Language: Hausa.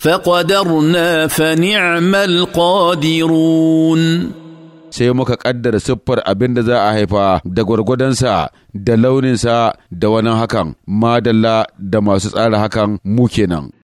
فقدرنا فنعم القادرون sai muka ƙaddara siffar abin da za a haifa da gwargwadonsa da launinsa da wani hakan madalla da masu tsara hakan mu kenan